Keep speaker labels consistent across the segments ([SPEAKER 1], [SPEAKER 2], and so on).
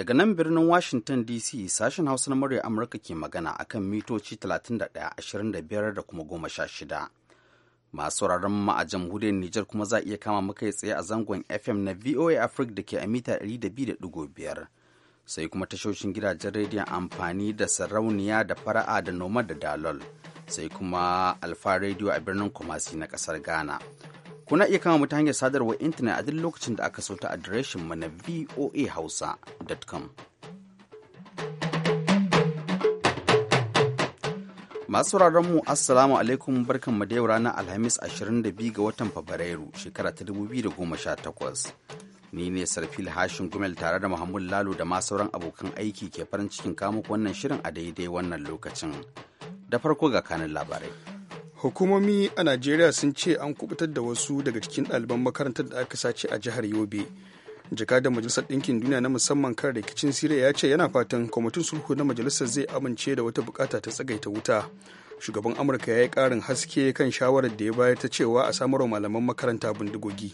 [SPEAKER 1] Daga nan birnin Washington DC sashen Hausa na murya Amurka ke magana a kan mitoci 31.25 ashirin da kuma 16. Masu sauraron mu a jamhuriyar Nijar kuma za a iya kama yi tsaye a zangon FM na VOA Africa da ke a mita 200.5. Sai kuma tashoshin gidajen rediyon amfani da sarauniya da fara'a da noma da dalol. Sai kuma Alfa Radio a birnin Kumasi na kasar Ghana. kuna iya kama mu hanyar sadarwar intanet a duk lokacin da aka so ta adireshin mu na voahausa.com Masu mu Assalamu alaikum barkan mu da yau ranar Alhamis 22 ga watan Fabrairu shekara ta 2018. Ni ne Sarfil Hashin Gumel tare da muhammadu Lalo da ma sauran abokan aiki ke farin cikin kamuk wannan shirin a daidai wannan lokacin. Da farko ga kanin labarai. hukumomi a
[SPEAKER 2] najeriya sun ce an kubutar da wasu daga cikin ɗaliban makarantar da aka sace a jihar yobe jakadar majalisar ɗinkin duniya na musamman kan rikicin siriya ya ce yana fatan kwamitin sulhu na majalisar zai amince da wata bukata ta tsagaita wuta shugaban amurka ya yi ƙarin haske kan shawarar da
[SPEAKER 1] ya bayar ta cewa a samarwa malaman makaranta bindigogi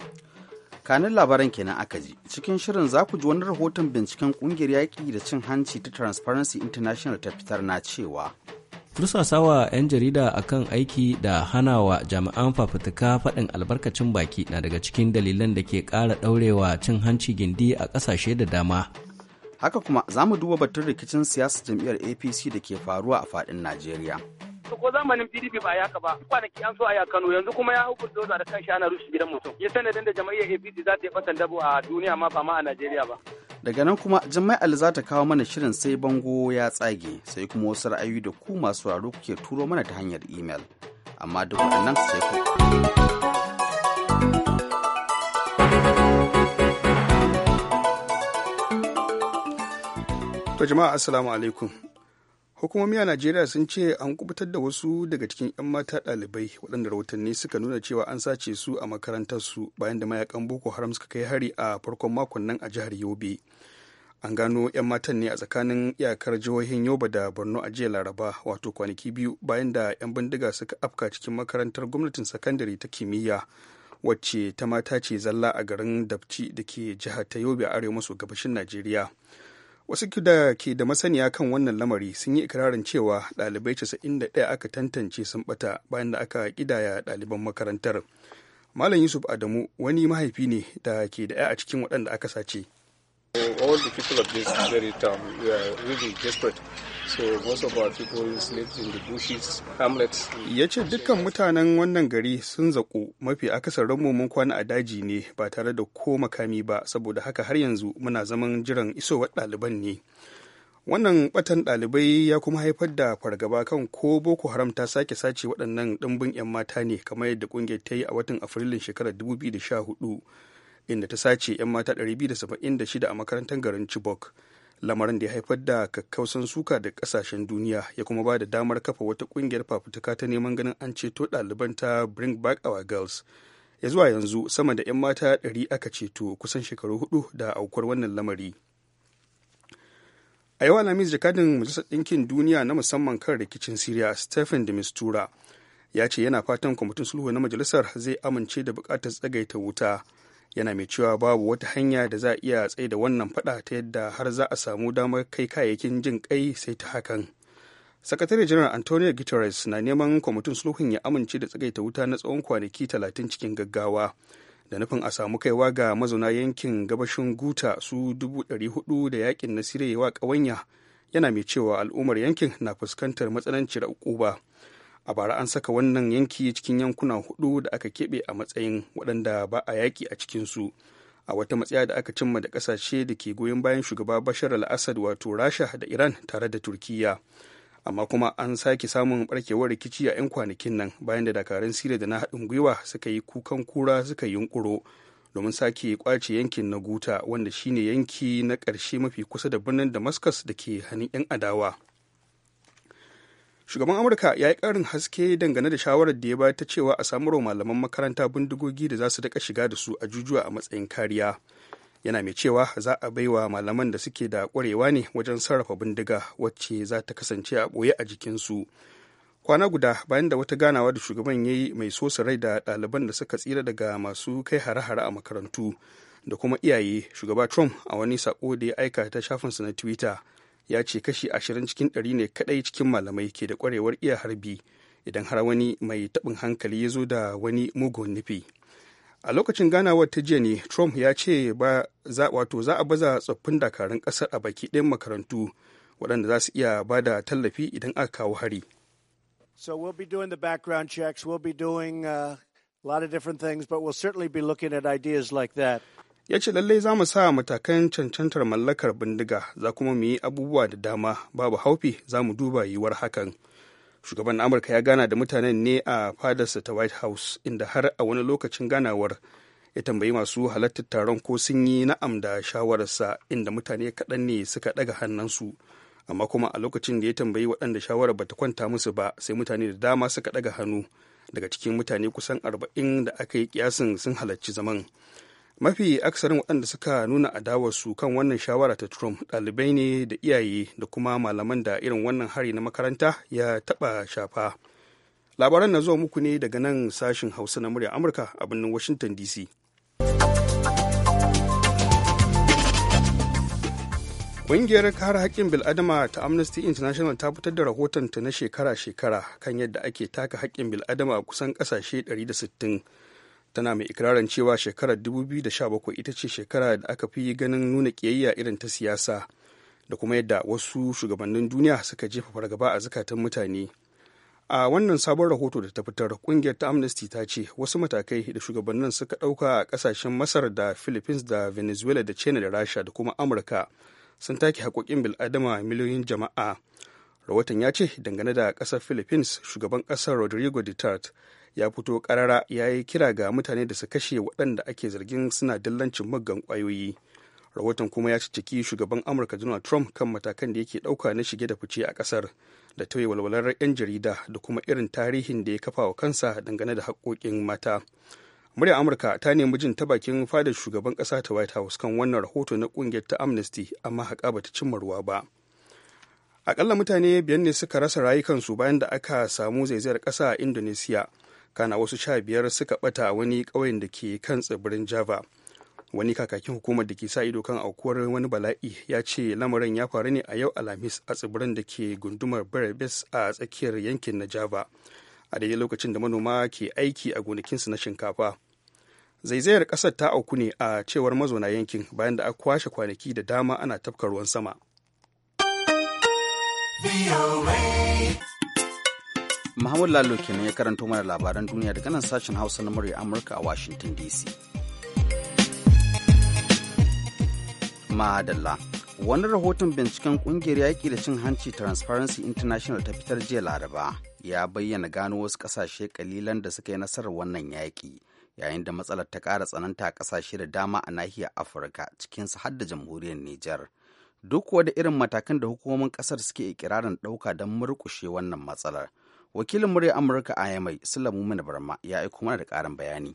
[SPEAKER 1] kanin labaran kenan aka ji cikin shirin za ku ji wani rahoton binciken kungiyar yaƙi da cin hanci ta transparency international ta fitar na cewa
[SPEAKER 3] tursasawa 'yan jarida akan aiki da hana wa jami'an fafutuka faɗin albarkacin baki na daga cikin dalilan da ke ƙara ɗaurewa cin hanci
[SPEAKER 1] gindi a ƙasashe da dama haka kuma za mu duba batun rikicin siyasar jam'iyyar apc da ke faruwa a faɗin najeriya
[SPEAKER 3] ko zamanin PDP ba ya yaka ba kwanaki an so a Kano yanzu kuma ya hukunta doza da kan ana rushe gidan mutum ya sanadin da jama'iyyar APC za ta yi fatan dabo a duniya ma
[SPEAKER 2] ba ma a Najeriya ba
[SPEAKER 1] daga nan kuma Jummai Ali za ta kawo mana shirin sai bango ya tsage sai kuma wasu ra'ayoyi da ku masu raro kuke turo mana ta hanyar imel amma duk waɗannan sai ku
[SPEAKER 2] To jama'a assalamu alaikum hukumomi a najeriya sun ce an kubutar da wasu daga cikin 'yan mata ɗalibai waɗanda rahotanni suka nuna cewa an sace su a makarantar su bayan da mayakan boko haram suka kai hari a farkon makon nan a jihar yobe an gano 'yan matan ne a tsakanin iyakar jihohin yoba da borno a jiya laraba wato kwanaki biyu bayan da 'yan bindiga suka afka cikin makarantar gwamnatin sakandare ta kimiyya wacce ta mata ce zalla a garin dabci da ke jihar ta yobe a arewa maso gabashin najeriya wasu da ke da masaniya kan wannan lamari sun yi ikirarin cewa ɗalibai ɗaya aka tantance sun bata bayan da aka kidaya ɗaliban makarantar malam yusuf adamu wani mahaifi ne da ke da 'ya a cikin waɗanda aka sace All the people of this very town were really desperate. So most of our people in the bushes, hamlets. Ya ce dukkan mutanen wannan gari sun zaƙo mafi akasarin mu mun kwana a daji ne ba tare da ko makami ba saboda haka har yanzu muna zaman jiran isowar ɗaliban ne. Wannan batan ɗalibai ya kuma haifar da fargaba kan ko Boko Haram ta sake sace waɗannan ɗimbin 'yan mata ne kamar yadda ƙungiyar ta yi a watan Afrilun shekarar 2014. inda ta sace 'yan mata 276 a makarantar garin Chibok. Lamarin da ya haifar da kakkausan suka da kasashen duniya ya kuma ba da damar kafa wata kungiyar fafutuka ta neman ganin an ceto ɗaliban ta Bring Back Our Girls. Ya zuwa yanzu sama da 'yan mata 100 aka ceto kusan shekaru hudu da aukuwar wannan lamari. a yawa alhamis jakadin majalisar ɗinkin duniya na musamman kan rikicin siriya stephen de mistura ya ce yana fatan kwamitin sulhu na majalisar zai amince da buƙatar tsagaita wuta yana mai cewa babu wata hanya da za a iya tsaye da wannan fada ta yadda har za a samu damar kai kayayyakin jin kai sai ta hakan sakatare janar antonio guterres na neman kwamitin sulhun ya amince da tsagaita wuta na tsawon kwanaki talatin cikin gaggawa da nufin a samu kaiwa ga mazauna yankin gabashin guta su dubu da yakin na sirewa ƙawanya yana mai cewa al'ummar yankin na fuskantar matsananciyar ukuba. a bara an saka wannan yanki cikin yankuna hudu da aka keɓe a matsayin waɗanda ba a yaƙi a cikinsu a wata matsaya da aka cimma da ƙasashe da ke goyon bayan shugaba bashar al-assad wato rasha da iran tare da turkiya amma kuma an sake samun barkewar rikici a 'yan kwanakin nan bayan da dakarun siriya da na haɗin gwiwa suka yi kukan kura suka yunkuro domin sake kwace yankin na guta wanda shine yanki na ƙarshe mafi kusa da birnin damascus da ke hannun 'yan adawa shugaban amurka ya yi karin haske dangane da shawarar da ya bayar ta cewa a samarwa malaman makaranta bindigogi da za su daka shiga da su a jujuwa a matsayin kariya yana mai cewa za a baiwa malaman da suke da kwarewa ne wajen sarrafa bindiga wacce za ta kasance a ɓoye a jikin su kwana guda bayan da wata ganawa da shugaban ya yi mai sosa rai da ɗaliban da suka tsira daga masu kai hare-hare a makarantu da kuma iyaye shugaba trump a wani sako da ya aika ta shafinsa na twitter ya ce kashi ashirin cikin ɗari ne kaɗai cikin malamai ke da ƙwarewar iya harbi idan har wani mai taɓin hankali ya zo da wani mugun nufi a lokacin ganawar ta jiya ne trump ya ce ba za wato za a baza tsoffin dakarun ƙasar a baki ɗayan makarantu waɗanda za su iya ba da tallafi idan aka kawo hari So we'll be doing the background checks, we'll be doing uh, a lot of different things, but we'll certainly be looking at ideas like that. ya ce lallai za mu sa matakan cancantar mallakar bindiga za kuma mu yi abubuwa da dama babu haufi za mu duba yiwuwar hakan shugaban amurka ya gana da mutanen ne a fadarsa ta white house inda har a wani lokacin ganawar ya tambayi masu halartar taron ko sun yi na'am da shawararsa inda mutane kaɗan ne suka ɗaga hannunsu amma kuma a lokacin da ya tambayi waɗanda shawarar bata kwanta musu ba sai mutane da dama suka ɗaga hannu daga cikin mutane kusan arba'in da aka yi kiyasin sun halarci zaman mafi aksarin waɗanda suka nuna adawarsu kan wannan shawara ta trump ɗalibai ne da iyaye da kuma malaman da irin wannan hari na makaranta ya taɓa shafa labaran na zuwa muku ne daga nan sashin hausa na murya amurka a birnin washington dc Ƙungiyar kare haƙƙin bil'adama ta Amnesty International ta fitar da rahotonta na shekara-shekara kan yadda ake taka haƙƙin bil'adama a kusan ƙasashe 160 tana mai ikirarin cewa shekarar 2017 ita ce shekara da aka fi ganin nuna kiyayya irin ta siyasa da kuma yadda wasu shugabannin duniya suka jefa fargaba a zukatan mutane a wannan sabon rahoto da ta fitar kungiyar ta amnesty ta ce wasu matakai da shugabannin suka ɗauka a ƙasashen masar da philippines da venezuela da china da rasha da kuma amurka sun take haƙoƙin bil'adama miliyoyin jama'a rahoton ya ce dangane da ƙasar philippines shugaban ƙasar rodrigo duterte ya fito karara ya yi kira ga mutane da su kashe waɗanda ake zargin suna dillancin muggan ƙwayoyi rahoton kuma ya cicciki shugaban amurka donald trump kan matakan da yake ɗauka na shige da fice a ƙasar da tauye walwalar 'yan jarida da kuma irin tarihin da ya kafa wa kansa dangane da haƙoƙin mata murya amurka ta nemi jin ta bakin fadar shugaban ƙasa ta white house kan wannan rahoto na ƙungiyar ta amnesty amma haƙa bata cimma ruwa ba akalla mutane biyan ne suka rasa rayukansu bayan da aka samu zaizayar ƙasa a indonesia kana wasu sha biyar suka bata wani ƙauyen da ke kan tsibirin java wani kakakin hukumar da ke sa ido kan aukuwar wani bala'i ya ce lamarin ya faru ne a yau alhamis a tsibirin da ke gundumar Berber's a tsakiyar yankin na java a daidai lokacin da manoma ke aiki a gonakinsu na shinkafa zaizayar ƙasar ta auku ne a cewar mazauna yankin bayan da
[SPEAKER 1] aka kwashe kwanaki da dama ana tafka ruwan sama. Muhammad Lalo kenan ya karanto mana labaran duniya daga nan sashen Hausa na murya Amurka a Washington DC. Madalla. Wani rahoton binciken kungiyar yaƙi da cin hanci Transparency International ta fitar jiya Laraba ya bayyana gano wasu ƙasashe ƙalilan da suka yi nasarar wannan yaƙi, yayin da matsalar ta ƙara tsananta a ƙasashe da dama a nahiyar Afirka cikinsa har da jamhuriyar Nijar. Duk kowa da irin matakan da hukumomin ƙasar suke ikirarin ɗauka don murƙushe wannan matsalar. wakilin murya amurka a yamai sulamu mana barma ya aiko mana da karin bayani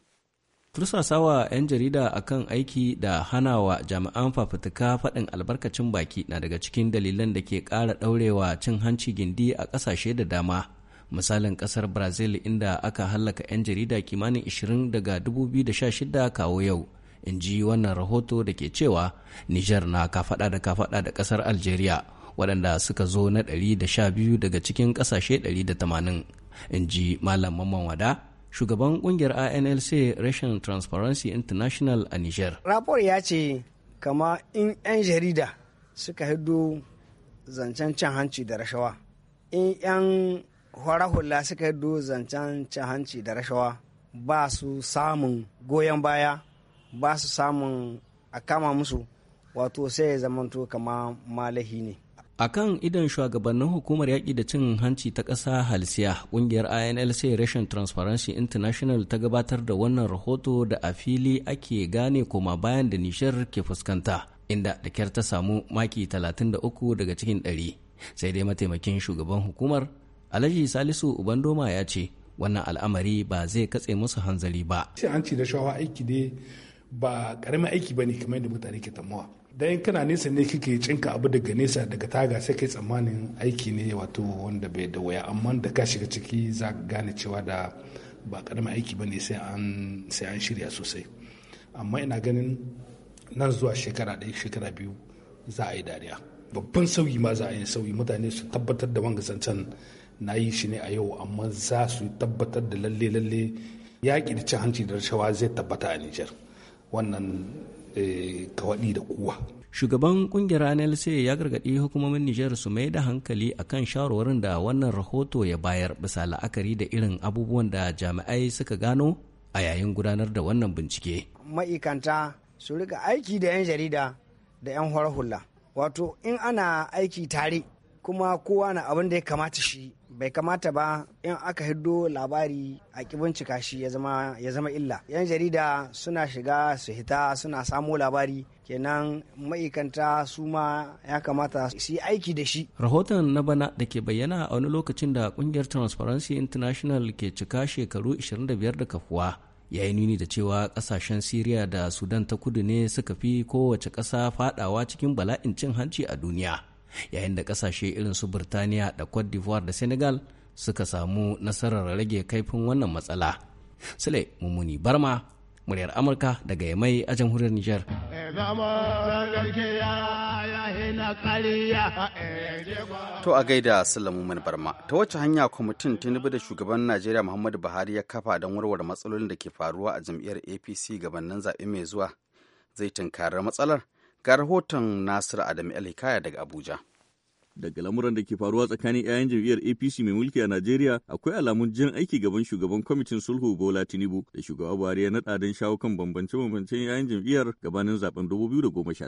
[SPEAKER 3] tursasawa 'yan jarida akan aiki da hanawa jami'an fafutuka faɗin albarkacin baki na daga cikin dalilan da ke kara ɗaurewa cin hanci gindi a ƙasashe da dama misalin ƙasar brazil inda aka hallaka 'yan jarida kimanin 20 daga 2016 kawo yau in ji wannan rahoto da ke cewa niger na kafaɗa da kafaɗa da ƙasar algeria waɗanda suka zo na 112 daga cikin ƙasashe 180 in ji malam mamman wada shugaban ƙungiyar anlc Russian transparency international a niger rapor ya ce kama in 'yan jarida suka hido zancen cin hanci da rashawa in 'yan hula suka hido zancen cin hanci da rashawa ba su samun goyon baya ba su samun a kama musu wato sai ya zamanto kama malahi ne a kan idan shugabannin hukumar yaƙi da cin hanci ta ƙasa halsiya ƙungiyar inlc rashin transparency international ta gabatar da wannan rahoto da a fili ake gane koma bayan da nishar ke fuskanta inda da kyar ta samu maki 33 daga cikin 100 sai dai mataimakin shugaban hukumar alhaji salisu ubandoma ya ce wannan al'amari ba zai katse musu hanzari ba.
[SPEAKER 2] hanci da shawa aiki dai ba karamin aiki ba ne kamar yadda mutane ke dan kana nesa ne kike cinka abu daga nesa daga taga sai kai tsammanin aiki ne wato wanda bai da waya amma da ka shiga ciki za ka gane cewa da ba karamin aiki bane sai an sai an shirya sosai amma ina ganin nan zuwa shekara ɗaya shekara biyu za a yi dariya babban sauyi ma za a yi sauyi mutane su tabbatar da wanga zancen na yi shi ne a yau amma za su tabbatar da lalle lalle yaƙi da cin hanci da rashawa zai tabbata a Nijar wannan Eh, waɗi da kuwa.
[SPEAKER 3] Shugaban kungiyar NLC ya gargaɗi hukumomin Nijar su mai da hankali a kan shawarwarin da wannan rahoto ya bayar bisa la'akari da irin abubuwan da jami'ai suka gano a yayin gudanar da wannan bincike. Ma'ikanta su rika aiki da 'yan jarida da 'yan hula. Wato in ana aiki tare kuma kowa na abin da ya kamata shi bai kamata ba in aka hiddo labari a cika shi ya zama illa yan jarida suna shiga su hita suna samo labari kenan ma'aikanta su ma ya kamata su yi aiki da shi rahoton na bana da ke bayyana a wani lokacin da kungiyar transparency international ke cika shekaru 25 da kafuwa ya yi nuni da cewa kasashen syria da sudan ta kudu ne suka fi kowace ƙasa fadawa cikin bala'in cin hanci a duniya yayin da kasashe irin su Birtaniya da Cote d'Ivoire da Senegal suka samu nasarar rage kaifin wannan matsala. Sule Mummuni Barma, muryar Amurka daga Yamai a jamhuriyar Nijar.
[SPEAKER 1] To a gaida Sule Mummun Barma, ta wacce hanya kwamitin Tinubu da shugaban Najeriya Muhammadu Buhari ya kafa don warware matsalolin da ke faruwa a jam'iyyar APC gabanin zaɓe mai zuwa zai tunkarar matsalar? Ga rahoton Nasir Adam El daga Abuja. daga lamuran da ke faruwa tsakanin
[SPEAKER 4] 'ya'yan jam'iyyar apc mai mulki a najeriya akwai alamun jin aiki gaban shugaban kwamitin sulhu bola tinubu da shugaba buhari ya naɗa don shawo kan bambance-bambancen 'ya'yan jam'iyyar gabanin zaben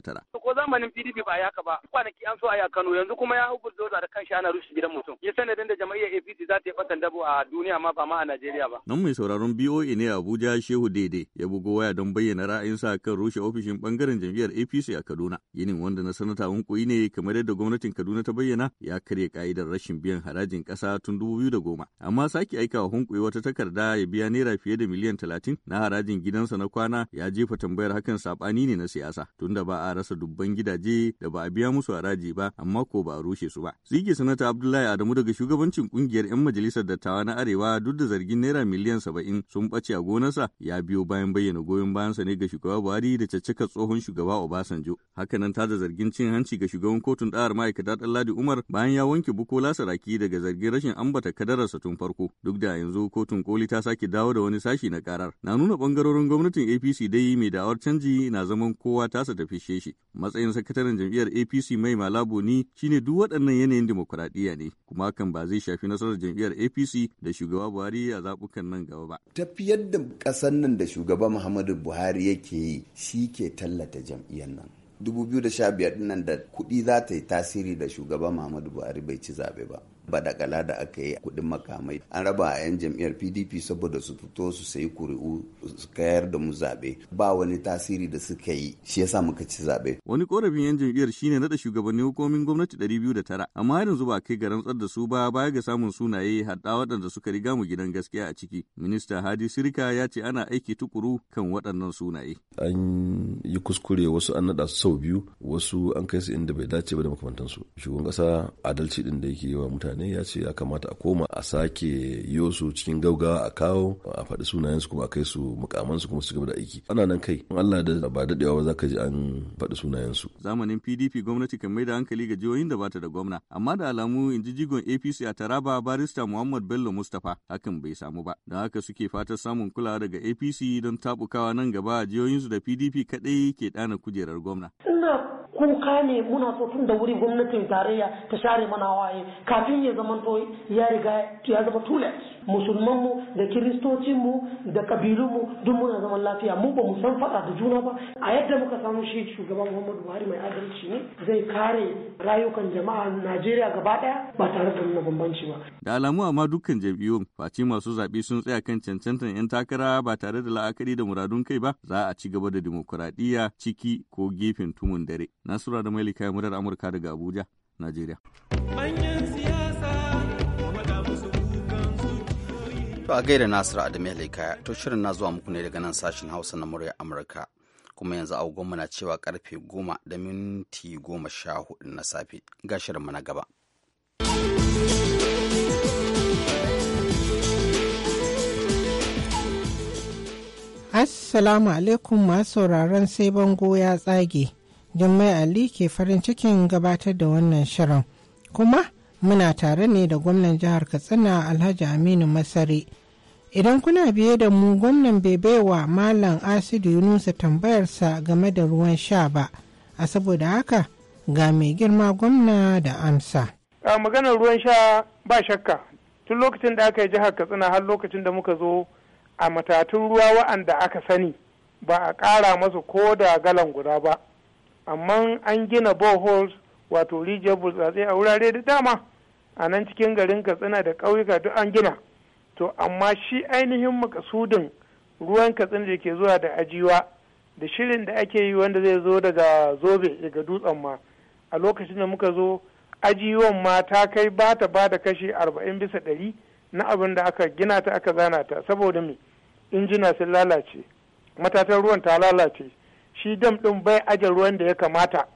[SPEAKER 4] tara.
[SPEAKER 3] ko zamanin pdp ba yaka ba kwanaki an so a ya kano yanzu kuma ya hukun doza da kan ana rushe gidan mutum ya sanadin da jam'iyyar apc za ta yi fatan dabo a duniya ma ba ma a najeriya ba
[SPEAKER 4] nan mai sauraron boa ne abuja shehu daidai ya bugo waya don bayyana ra'ayinsa kan rushe ofishin bangaren jam'iyyar apc a kaduna ginin wanda na sanata hunkuyi ne kamar yadda gwamnatin kaduna ta bayyana ya karya ka'idar rashin biyan harajin ƙasa tun dubu biyu da goma amma sake wa hunkwe wata takarda ya biya naira fiye da miliyan talatin na harajin gidansa na kwana ya jefa tambayar hakan sabani ne na siyasa tunda ba a rasa dubban gidaje da ba a biya musu haraji ba amma ko ba a rushe su ba. Tsige sanata Abdullahi Adamu daga shugabancin kungiyar 'yan majalisar dattawa na Arewa duk da zargin naira miliyan saba'in sun ɓace a gonarsa ya biyo bayan bayyana goyon bayansa ne ga shugaba Buhari da caccakar tsohon shugaba Obasanjo. Hakanan ta da zargin cin hanci ga shugaban kotun ɗahar ma'aikata ɗan Ladi Umar bayan ya wanke Bukola Saraki daga zargin rashin ambata kadararsa tun farko. Duk da yanzu kotun koli ta sake dawo da wani sashi na karar. Na nuna bangarorin gwamnatin APC dai mai da'awar canji na zaman kowa tasa tafi shi. Matsayin sakataren jam'iyyar APC mai malabo ni shine duk waɗannan yanayin dimokuraɗiyya ne kuma hakan ba zai shafi nasarar jam'iyyar APC da shugaba Buhari a zaɓukan nan gaba ba.
[SPEAKER 1] tafi da ƙasar nan da shugaba Muhammadu Buhari yake yi shi ke tallata jam'iyyar nan. 2015 nan da kuɗi za ta yi tasiri da shugaban Muhammadu Buhari bai ci zaɓe ba. badakala da aka yi kuɗin makamai an raba a 'yan jam'iyyar pdp saboda su fito su sayi kuri'u su kayar da mu zaɓe ba wani tasiri da suka yi shi yasa muka ci zaɓe.
[SPEAKER 4] wani korafin 'yan jam'iyyar shine nada shugabannin hukumomin gwamnati 209 amma har yanzu ba kai ga rantsar da su ba baya ga samun sunaye hada waɗanda suka riga mu gidan gaskiya a ciki minista hadi sirika ya ce ana aiki tukuru kan waɗannan sunaye.
[SPEAKER 1] an yi kuskure wasu an naɗa su sau biyu wasu an kai su inda bai dace ba da makamantansu shugaban ƙasa adalci ɗin da yake yi wa mutane mutane ya ce ya kamata a koma a sake yo su cikin gaugawa a kawo a faɗi sunayensu kuma a kai su mukamansu kuma su gaba da aiki ana nan kai in Allah da ba daɗewa ba za ka ji an faɗi sunayensu.
[SPEAKER 4] zamanin pdp gwamnati kan mai da hankali ga jihohin da bata da gwamna amma da alamu in ji jigon apc a taraba barista muhammad bello mustapha hakan bai samu ba don haka suke fatan samun kulawa daga apc don tabukawa nan gaba a jihohinsu da pdp kaɗai ke ɗana kujerar gwamna.
[SPEAKER 5] kuka ne muna so tun da wuri gwamnatin tarayya ta share mana waye kafin ya zama to ya riga ya zama too musulmanmu da kiristocinmu da kabilunmu duk muna zaman lafiya mu ba mu san faɗa da juna ba a yadda muka samu shi shugaban muhammadu buhari mai adalci ne zai kare rayukan jama'a najeriya gaba ɗaya ba tare da nuna bambanci ba
[SPEAKER 4] da alamu amma dukkan jam'iyyun face masu zaɓe sun tsaya kan cancantar 'yan takara ba tare da la'akari da muradun kai ba za a ci gaba da dimokuraɗiyya ciki ko gefen tumun dare nasura da mailika murar amurka daga abuja najeriya
[SPEAKER 1] To a gaida Nasiru Adamu Yalikaya, to shirin na zuwa muku ne daga nan sashen Hausa na murya Amurka. Kuma yanzu agogonmu na cewa karfe goma da minti goma sha hudu na safe ga shirinmu na gaba.
[SPEAKER 6] Assalamu alaikum masu sauraron sai bango ya tsage. Jummai Ali ke farin cikin gabatar da wannan shirin. Kuma muna tare ne da gwamnan jihar katsina alhaji aminu masari idan kuna biye da mu gwamnan bai malam asidu yunusa tambayarsa game da ruwan sha ba a saboda haka ga mai girma gwamna da amsa
[SPEAKER 7] a maganar ruwan sha ba shakka tun lokacin da aka yi jihar katsina har lokacin da muka zo a matatun ruwa wa'anda aka sani ba a ƙara masu ko da galan guda ba amma an gina boreholes wato rijiyar burtsatse a wurare da dama a nan cikin garin katsina da ƙauyuka duk an gina to amma shi ainihin makasudin ruwan katsina da ke zuwa da ajiwa da shirin da ake yi wanda zai zo daga zobe daga dutsen ma a lokacin da muka zo ajiyon ma ta kai ba ta ba da kashi arba'in bisa ɗari na abin da aka gina ta aka zana ta saboda me injina sun lalace matatan ruwan ta lalace shi dam ɗin bai ajiye ruwan da ya kamata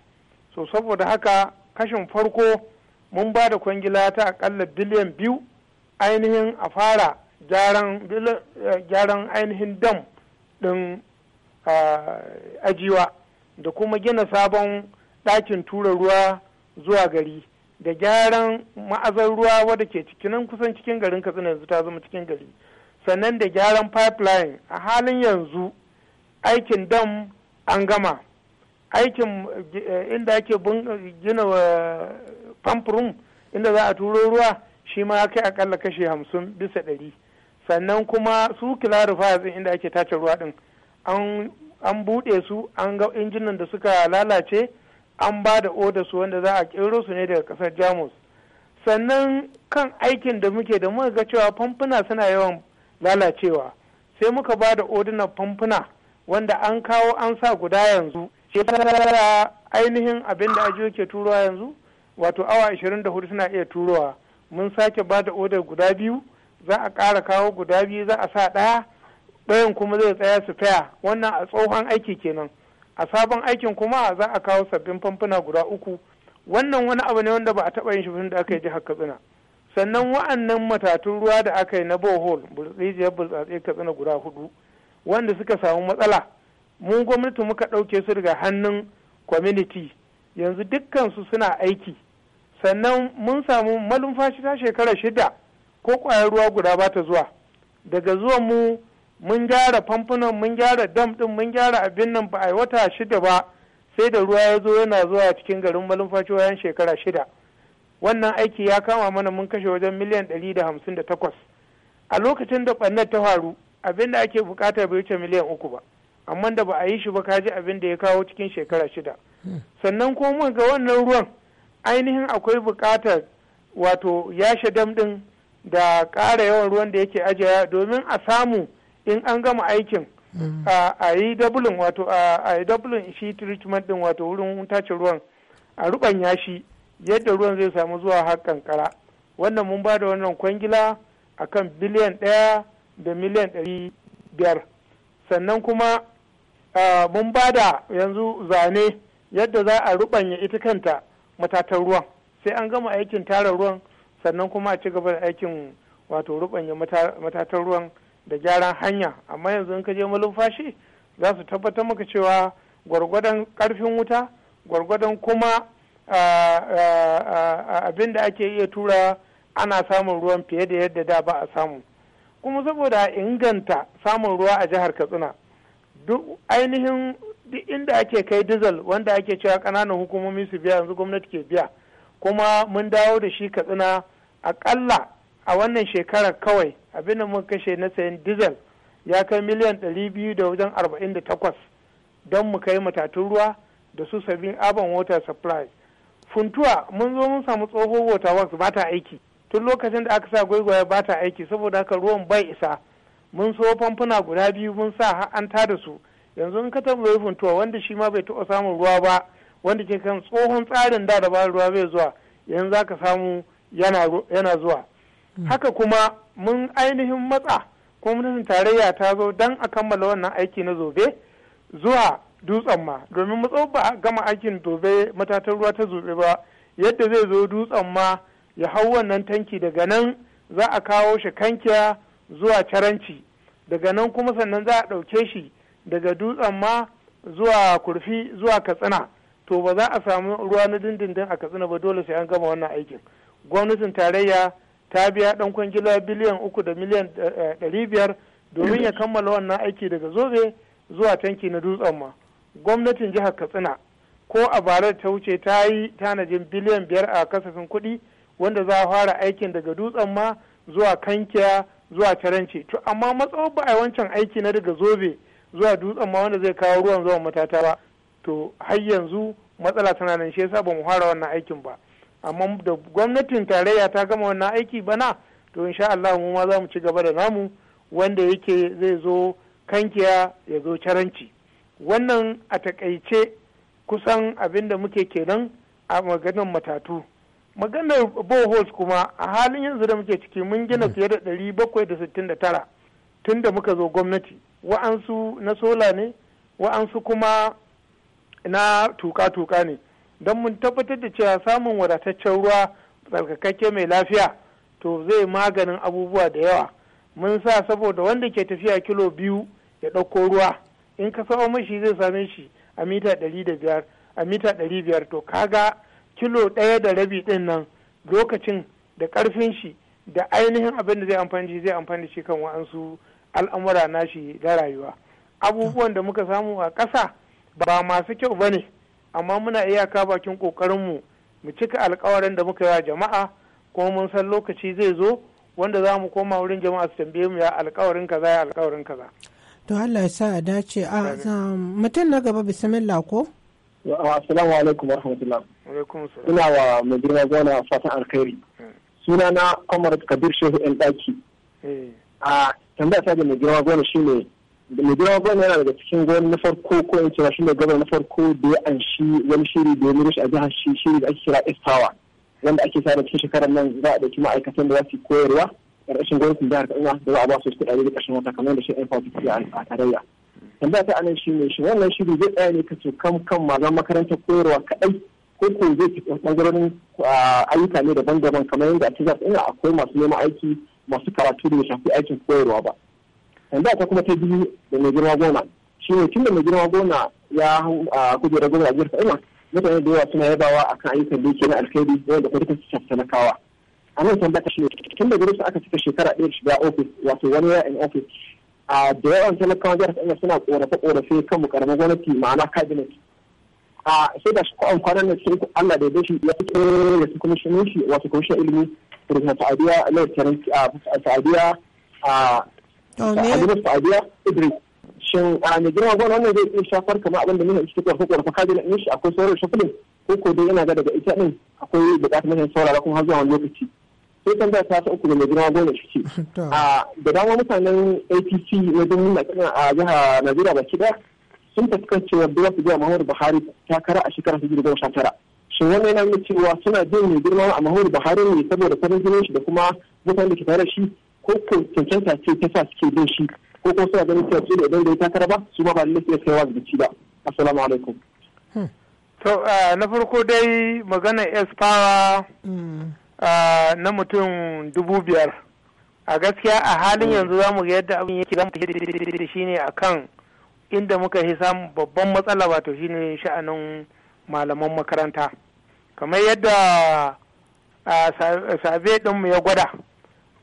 [SPEAKER 7] so saboda haka kashin farko mun ba da kwangila ta akalla biliyan biyu ainihin a fara gyaran eh, ainihin dam ɗin ajiwa da kuma gina sabon ɗakin tura ruwa zuwa gari da gyaran ma'azar ruwa wadda ke cikin kusan cikin garin katsina yanzu ta zama cikin gari sannan da gyaran pipeline a halin yanzu aikin dam an gama aikin eh, inda ake gina famfurum inda za a turo ruwa shi ma ya kai akalla kashe hamsin bisa ɗari sannan kuma su clarifiers ɗin inda ake tace ruwa ɗin an buɗe su an ga injinan da suka lalace an ba da oda su wanda za a ƙero su ne daga ƙasar jamus sannan kan aikin da muke da muka ga cewa famfuna suna yawan lalacewa sai muka ba da odunan famfuna wanda an kawo an sa guda yanzu ainihin abin da ajiyo ke turowa yanzu wato awa 24 suna iya turowa mun sake ba da odar guda biyu za a ƙara kawo guda biyu za a sa ɗaya ɗayan kuma zai tsaya su faya wannan a tsohon aiki kenan a sabon aikin kuma za a kawo sabbin famfuna guda uku wannan wani abu ne wanda ba a taɓa yin shi da aka yi jihar katsina sannan wa'annan matatun ruwa da aka yi na bohol burtsijiyar burtsatse katsina guda hudu wanda suka samu matsala mu gwamnati muka ɗauke su daga hannun kwaminiti yanzu dukkansu suna aiki sannan mun samu malumfashi ta shekara shida ko ƙwayar ruwa guda ba ta zuwa daga zuwan mu mun gyara famfunan mun gyara dam ɗin mun gyara abin nan ba a wata shida ba sai da ruwa ya zo yana zuwa cikin garin malumfashi wayan shekara shida wannan aiki ya kama mana mun kashe wajen miliyan ɗari da hamsin da takwas a lokacin da ɓannar ta faru abin da ake bukata bai wuce miliyan uku ba amma da ba a yi shi ba kaji abin da ya kawo cikin shekara shida hmm. sannan mun ga wannan ruwan ainihin akwai buƙatar wato yashe dam ɗin da ƙara yawan ruwan da yake ajiya domin a samu in an gama aikin mm. a yi dabulin wato a yi dabulin shi treatment ɗin wato wurin tace ruwan a ruban yashi yadda ruwan zai samu zuwa har kankara wannan mun ba da wannan kwangila kan biliyan ɗaya da miliyan ɗari biyar sannan kuma mun ba da yanzu zane yadda za a ruɓanya ita kanta matatan ruwan sai an gama aikin tara ruwan sannan kuma a ci gaba da aikin wato rubanya matatan ruwan da gyaran hanya amma yanzu in ka je malumfashi za su tabbatar maka cewa gwargwadon karfin wuta gwargwadon kuma abin da ake iya tura ana samun ruwan fiye da yadda da ba a samu kuma saboda inganta samun ruwa a jihar katsina duk ainihin duk inda ake kai dizal wanda ake cewa ƙananan hukumomi su biya yanzu gwamnati ke biya kuma mun dawo da shi katsina akalla a wannan shekarar kawai abin da mun kashe na sayan dizal ya kai miliyan ɗari biyu da wajen arba'in da takwas don mu kai matatun ruwa da su sabbin urban water supply funtuwa mun zo mun samu tsohon water works ba ta aiki tun lokacin da aka sa gwaigwaye ba ta aiki saboda haka ruwan bai isa mun so famfuna guda biyu mun sa an da su yanzu in ka tambayi funtuwa wanda shi ma bai taɓa samun ruwa ba wanda ke kan tsohon tsarin da da ruwa bai zuwa yanzu za ka samu yana zuwa hmm. haka kuma mun ainihin matsa gwamnatin tarayya ta zo don a kammala wannan aiki na zobe zuwa dutsen ma domin matsa ba a gama aikin zobe matatar ruwa ta zobe ba yadda zai zo dutsen ma ya hau wannan tanki daga nan za a kawo shi kankiya zuwa caranci daga nan kuma sannan za a ɗauke shi daga dutsen ma zuwa kurfi zuwa katsina to ba za a samu ruwa na dindindin a katsina ba dole sai an gama wannan aikin gwamnatin tarayya ta biya dan kwangila biliyan uku da miliyan eh, eh, ɗari biyar domin ya kammala wannan aiki daga zobe zuwa tanki na dutsen ma gwamnatin jihar katsina ko a bara ta wuce ta yi tanajin biliyan biyar a kasafin kuɗi wanda za a fara aikin daga dutsen ma zuwa kankiya zuwa caranci to amma matsawar ba a wancan aiki na daga zobe zuwa dutsen ma wanda zai kawo ruwan zuwa matata ba to har yanzu matsala tana nan shi yasa ba mu fara wannan aikin ba amma da gwamnatin tarayya ta gama wannan aiki bana to insha Allah mu ma za mu ci gaba da namu wanda yake zai zo kankiya ya zo caranci wannan a takaice kusan abin da muke kenan a maganar matatu maganar boholes kuma a halin yanzu da muke ciki mun gina mm. fiye da 769 tun da muka zo gwamnati wa'ansu na sola ne wa'ansu kuma na tuka-tuka ne don mun tabbatar da cewa samun wadataccen ruwa tsarkakakke mai lafiya to zai maganin abubuwa da yawa mun sa saboda wanda ke tafiya kilo biyu ya ɗauko ruwa in ka sawo mashi zai same shi a mita ɗari da biyar a mita ɗari biyar to kaga kilo ɗaya da rabi ɗin nan lokacin da ƙarfin shi da ainihin abin da zai amfani shi zai amfani shi kan wa'ansu al'amura nashi na rayuwa abubuwan da muka samu a ƙasa ba masu kyau ba ne amma muna iyaka bakin ƙoƙarinmu mu cika alkawarin da muka yi wa jama'a kuma mun san lokaci zai zo wanda za mu koma wurin jama'a su tambaye mu ya alkawarin kaza ya alkawarin kaza.
[SPEAKER 6] to Allah ya sa a dace a mutum na gaba bismillah ko.
[SPEAKER 7] assalamu
[SPEAKER 5] alaikum warahmatullah.
[SPEAKER 7] alaikum
[SPEAKER 6] ina
[SPEAKER 5] wa mai girma gona fatan alkhairi. Hmm. na Umar Kabir Shehu ɗan ɗaki. Eh. a tambaya ta da mai girma gona shi ne mai girma yana daga cikin gwamnati na farko ko in cewa shi ne gwamnati na farko da ya anshi wani shiri da ya mirishi a jihar shi shiri da ake kira east power wanda ake sa da cikin shekarar nan za a ɗauki ma'aikatan da za su koyarwa ƙarƙashin gwamnatin jihar kaduna da za a ba su kuɗaɗe da ƙarshen wata kamar da shi efa ta a tarayya tambaya ta anan shi ne shi wannan shiri zai tsaya ne ka kam kan malaman makarantar koyarwa kaɗai ko ko zai ci ɓangarorin ayyuka ne daban-daban kamar yadda a cikin ina akwai masu neman aiki masu karatu da shafi aikin koyarwa ba yanzu ta kuma ta biyu da mai girma gona shi ne tun da mai girma gona ya hau a kujerar a jihar sa'ima mutane da yawa suna yabawa akan ayyukan da yake na alkhairi wanda kuma su shafi talakawa a nan tambaya ta shine tun da su aka cika shekara ɗaya shiga ofis wato wani year in office a da yawan talakawa jihar sa'ima suna korafe korafe kan mukarramin gwamnati ma'ana cabinet a sai da shi kwanan nan cikin Allah da ya dace ya fito da su kuma shi wato kwamishinan ilimi president a Alhaji Idris shin a ah, girma wannan zai iya shafar kamar abinda da muka kwarfa kwarfa kaji na shi akwai sauran shafulin ko ko dai yana daga ita din akwai bukatar mutane saurara kuma har zuwa wani lokaci sai kan da ta uku da mai girma gona shi ce a ah, da dama mutanen APC na dumin a jihar Najeriya baki sun fuskanci wadda wasu jiya Muhammadu Buhari takara a shekarar 2019 shi wannan yana nuna cewa suna jin mai girma a mahaurin buhari ne saboda farin jinin shi da kuma mutane da ke tare shi ko cancanta ce ta sa suke bin shi ko kuma suna ganin cewa da idan da ya takara ba su ma ba lallai sai kaiwa ci ba assalamu alaikum
[SPEAKER 7] to na farko dai magana s power na mutum dubu biyar a gaskiya a halin yanzu za mu ga yadda abin yake zamu da shi ne a kan inda muka yi samun babban matsala wato shine sha'anin malaman makaranta. kamar yadda sabe ɗinmu ya gwada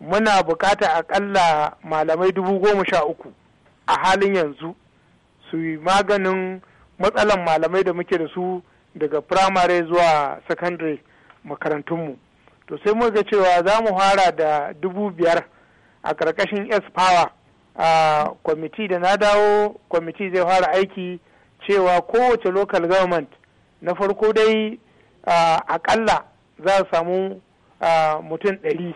[SPEAKER 7] muna buƙata aƙalla malamai dubu goma sha uku a halin yanzu su yi maganin matsalan malamai da muke da su daga firamare zuwa secondary makarantunmu to sai muka cewa za mu fara da dubu biyar a ƙarƙashin s power a kwamiti da na dawo kwamiti zai fara aiki cewa kowace local government na farko dai Ah, akalla za a samu ah, mutum ɗari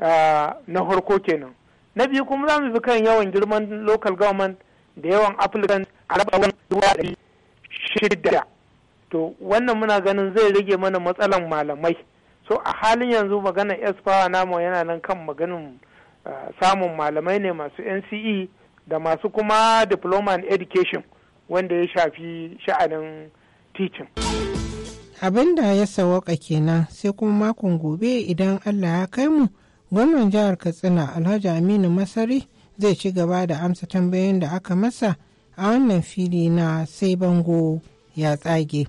[SPEAKER 7] ah, na harko kenan na biyu kuma za mu bi kan yawan girman local government da yawan applicant a rabawan zuwa ɗari shida to wannan muna ganin zai rage mana matsalan malamai so a halin yanzu s power namu yana nan kan maganin samun malamai ne masu nce da masu kuma diploma in education wanda ya shafi sha'anin teaching.
[SPEAKER 6] abin da ya sawaka kenan sai kuma makon gobe idan allah ya kai mu gwamnan jihar katsina alhaji aminu masari zai ci gaba da amsa tambayoyin da aka masa a wannan fili na sai bango ya tsage.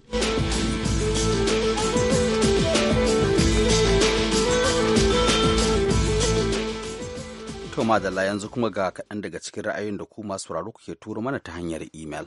[SPEAKER 1] To madalla yanzu kuma ga kaɗan daga cikin ra'ayin da ku masu kuke turo mana ta hanyar imel.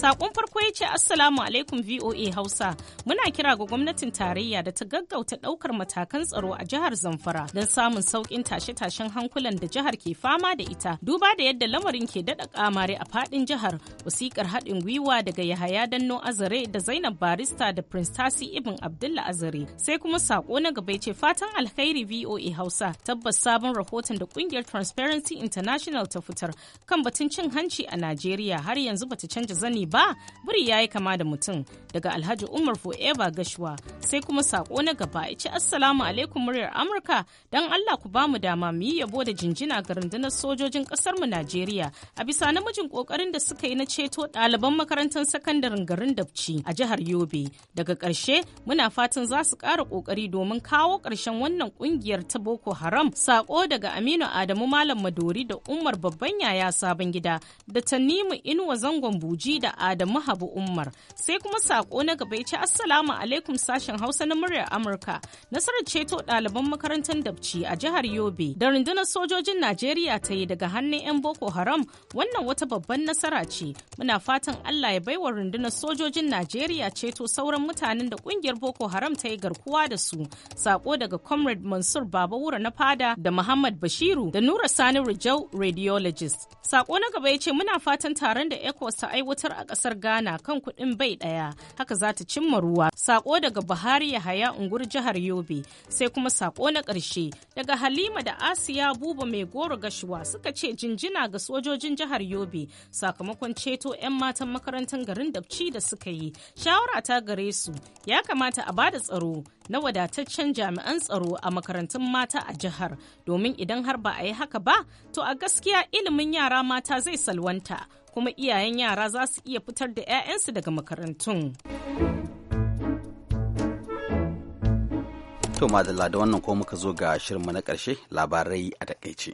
[SPEAKER 8] Sakon farko ya ce Assalamu alaikum VOA Hausa. Muna kira ga gwamnatin tarayya da ta gaggauta ɗaukar matakan tsaro a jihar Zamfara don samun sauƙin tashe-tashen hankulan da jihar ke fama da ita. Duba da yadda lamarin ke daɗa kamare a faɗin jihar. Wasikar haɗin gwiwa daga Yahaya Danno Azare da Zainab Barista da Prince Tasi Ibn Abdullah Azare. Sai kuma sako na gaba ya ce fatan alkhairi VOA Hausa. Tabbas sabon rahoton da ƙungiyar Transparency International ta fitar kan batun cin hanci a Najeriya har yanzu bata canja zani ba ba buri ya yi kama da mutum daga alhaji umar forever gashuwa sai kuma sako na gaba ya ci assalamu alaikum muryar amurka don allah ku bamu dama mu yi yabo da jinjina ga rundunar sojojin kasar mu najeriya a bisa namijin kokarin da suka yi na ceto ɗaliban makarantar sakandaren garin dabci a jihar yobe daga ƙarshe muna fatan za su ƙara ƙoƙari domin kawo ƙarshen wannan ƙungiyar ta boko haram sako daga aminu adamu malam madori da umar babban yaya sabon gida da tanimu inuwa zangon buji da Adamu Habu Umar. Sai kuma sako na gaba ce Assalamu alaikum sashen Hausa na muryar Amurka. Nasarar ceto ɗaliban makarantar Dabci a jihar Yobe da rundunar sojojin Najeriya ta yi daga hannun 'yan Boko Haram wannan wata babban nasara ce. Muna fatan Allah ya baiwa rundunar sojojin Najeriya ceto sauran mutanen da kungiyar Boko Haram ta yi garkuwa da su. Sako daga Comrade Mansur Baba Wura na Fada da Muhammad Bashiru da Nura Sani Rijau Radiologist. Sako na gaba ya ce muna fatan taron da ECOWAS ta aiwatar a kasar Ghana kan kuɗin bai ɗaya haka za ta cimma ruwa. Sako daga Buhari Yahaya Ungur jihar Yobe sai kuma sako na ƙarshe daga Halima da Asiya Buba mai goro gashuwa suka ce jinjina ga sojojin jihar Yobe sakamakon ceto 'yan matan makarantar garin Dabci da suka yi. Shawara ta gare su ya kamata a bada tsaro na wadataccen jami'an tsaro a makarantun mata a jihar domin idan har ba a yi haka ba to a gaskiya ilimin yara mata zai salwanta kuma iyayen yara za su iya fitar da 'ya'yansu daga makarantun.
[SPEAKER 1] To madalla da wannan ko muka zo ga shirinmu na ƙarshe labarai a takaice.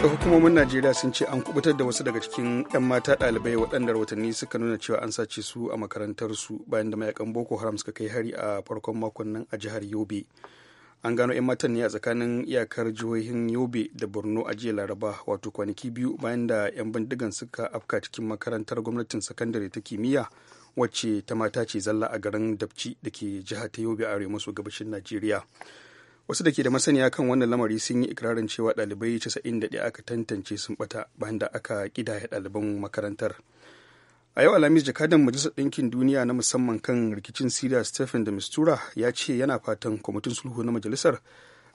[SPEAKER 2] to hukumomin najeriya sun ce an kubutar da wasu daga cikin 'yan mata ɗalibai waɗanda watanni suka nuna cewa an sace su a makarantar su bayan da mayakan boko haram suka kai hari a farkon makon nan a jihar yobe an gano 'yan matan ne a tsakanin iyakar jihohin yobe da borno a jiya laraba wato kwanaki biyu bayan da 'yan bindigan suka afka cikin makarantar gwamnatin sakandare ta kimiyya wacce ta mata ce zalla a garin dabci da ke jiha ta yobe a arewa maso gabashin najeriya wasu da ke da masaniya kan wannan lamari sun yi ikirarin cewa ɗalibai 91 aka tantance sun bata bayan da aka kidaya ɗaliban makarantar a yau alhamis jakadan majalisar ɗinkin duniya na musamman kan rikicin siriya stephen da mistura ya ce yana fatan kwamitin sulhu na majalisar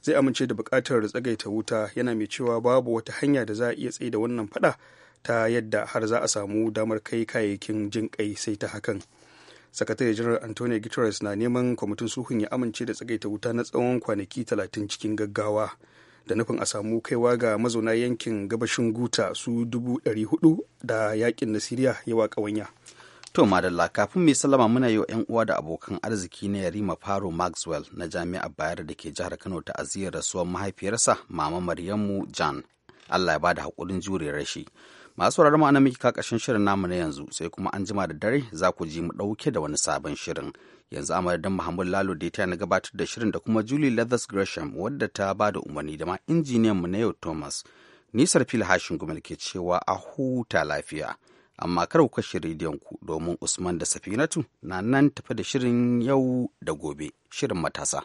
[SPEAKER 2] zai amince da buƙatar tsagaita wuta yana mai cewa babu wata hanya da za a iya da wannan fada ta yadda har za a samu damar kai kayayyakin jin kai sai ta hakan sakatare janar antonio guterres na neman kwamitin suhun ya amince da tsagaita wuta na tsawon kwanaki talatin cikin gaggawa da nufin a samu kaiwa ga mazauna yankin gabashin guta su
[SPEAKER 1] dubu hudu da yakin na siriya yawa ƙawanya to madalla kafin mai sallama muna yi wa 'yan uwa da abokan arziki na yarima faro maxwell na jami'a bayar da ke jihar kano ta aziyar rasuwar mahaifiyarsa mama maryamu jan allah ya ba da haƙurin jure rashi masu sauraron mu anan miki kakashin shirin namu na yanzu sai kuma an jima da dare za ku ji mu ɗauke da wani sabon shirin yanzu madadin muhammadu lalo da ta na gabatar da shirin da kuma julie leathers gresham wadda ta ba da umarni da ma injiniyan mu na yau thomas nisar fil hashin gumel ke cewa a huta lafiya amma kar ku kashe rediyon ku domin usman da safinatu na nan tafe da shirin yau da gobe shirin matasa